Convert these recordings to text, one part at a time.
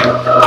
Uh-huh.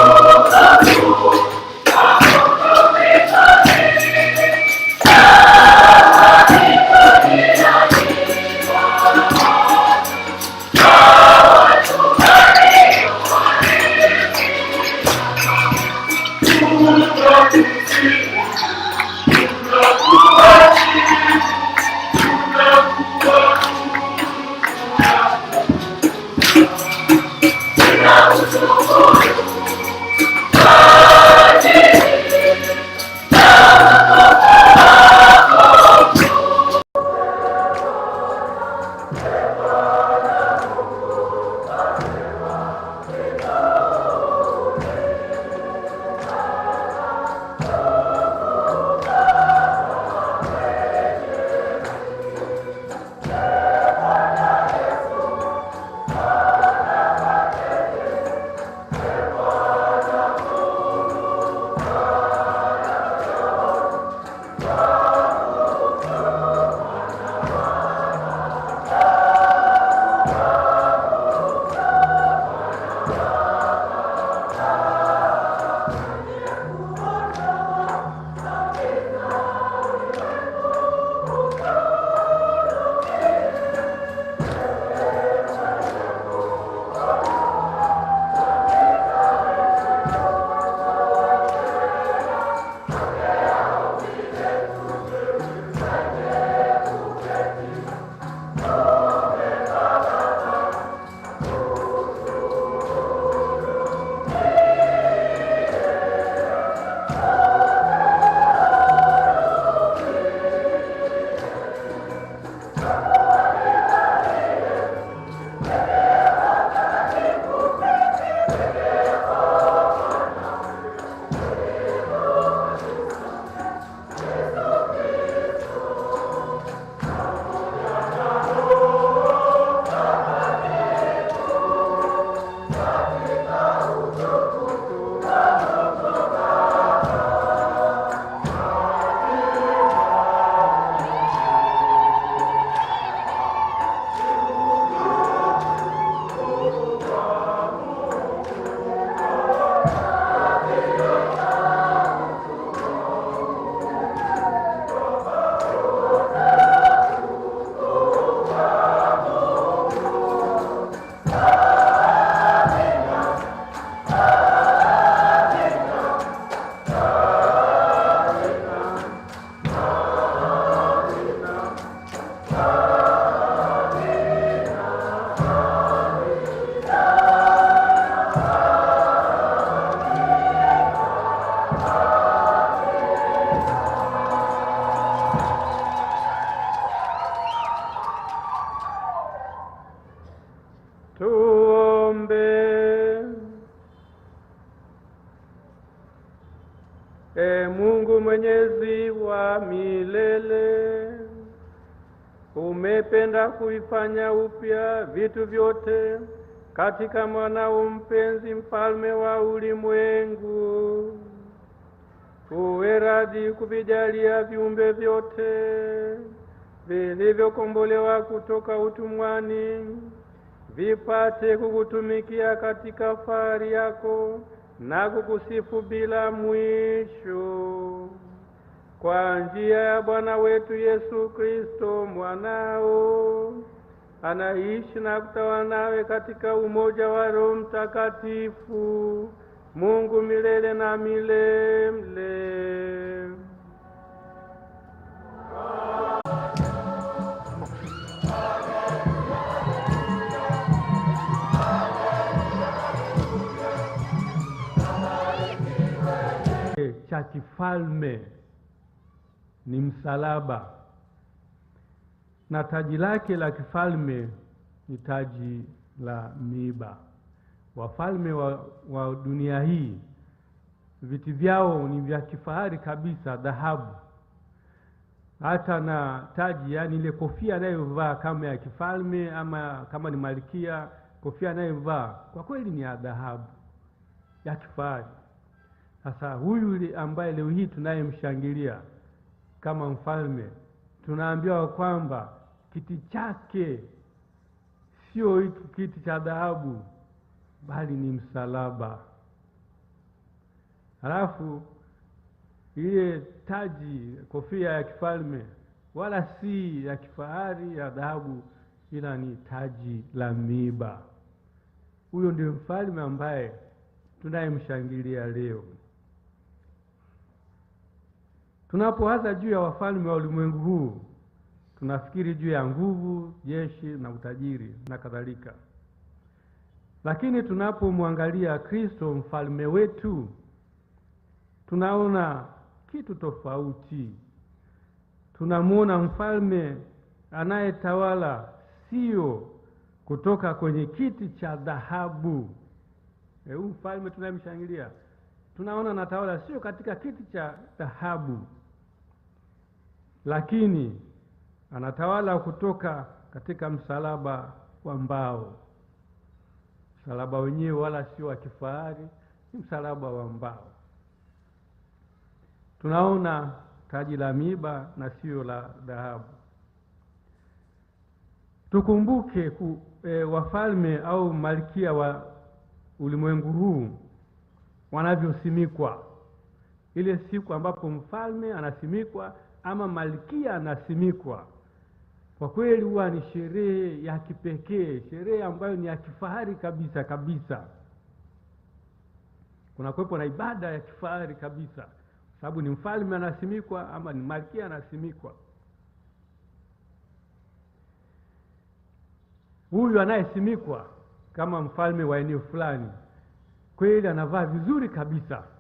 na kuifanya upya vitu vyote katika mwanao mpenzi, mfalme wa ulimwengu. Uwe radhi kuvijalia viumbe vyote vilivyokombolewa kutoka utumwani vipate kukutumikia katika fahari yako na kukusifu bila mwisho kwa njia ya Bwana wetu Yesu Kristo mwanao anaishi na kutawala nawe katika umoja wa Roho Mtakatifu, Mungu milele na milele. cha kifalme ni msalaba na taji lake la kifalme ni taji la miiba. Wafalme wa, wa dunia hii viti vyao ni vya kifahari kabisa, dhahabu. Hata na taji, yaani ile kofia anayovaa kama ya kifalme ama kama ni malkia, kofia anayovaa kwa kweli ni ya dhahabu ya kifahari. Sasa huyu ambaye leo hii tunayemshangilia kama mfalme, tunaambiwa kwamba kiti chake sio hiki kiti cha dhahabu, bali ni msalaba. Halafu ile taji, kofia ya kifalme, wala si ya kifahari ya dhahabu, ila ni taji la miiba. Huyo ndio mfalme ambaye tunayemshangilia leo. Tunapowaza juu ya wafalme wa ulimwengu huu, tunafikiri juu ya nguvu, jeshi na utajiri na kadhalika, lakini tunapomwangalia Kristo mfalme wetu, tunaona kitu tofauti. Tunamwona mfalme anayetawala sio kutoka kwenye kiti cha dhahabu. Eh, huu mfalme tunayemshangilia, tunaona anatawala sio katika kiti cha dhahabu lakini anatawala kutoka katika msalaba wa mbao. Msalaba wenyewe wala sio wa kifahari, ni msalaba wa mbao. Tunaona taji la miiba na sio la dhahabu. Tukumbuke ku, e, wafalme au malkia wa ulimwengu huu wanavyosimikwa, ile siku ambapo mfalme anasimikwa ama malkia anasimikwa. Kwa kweli huwa ni sherehe ya kipekee, sherehe ambayo ni ya kifahari kabisa kabisa. kuwepo na ibada ya kifahari kabisa, kwa sababu ni mfalme anasimikwa ama ni malkia anasimikwa. Huyu anayesimikwa kama mfalme wa eneo fulani, kweli anavaa vizuri kabisa.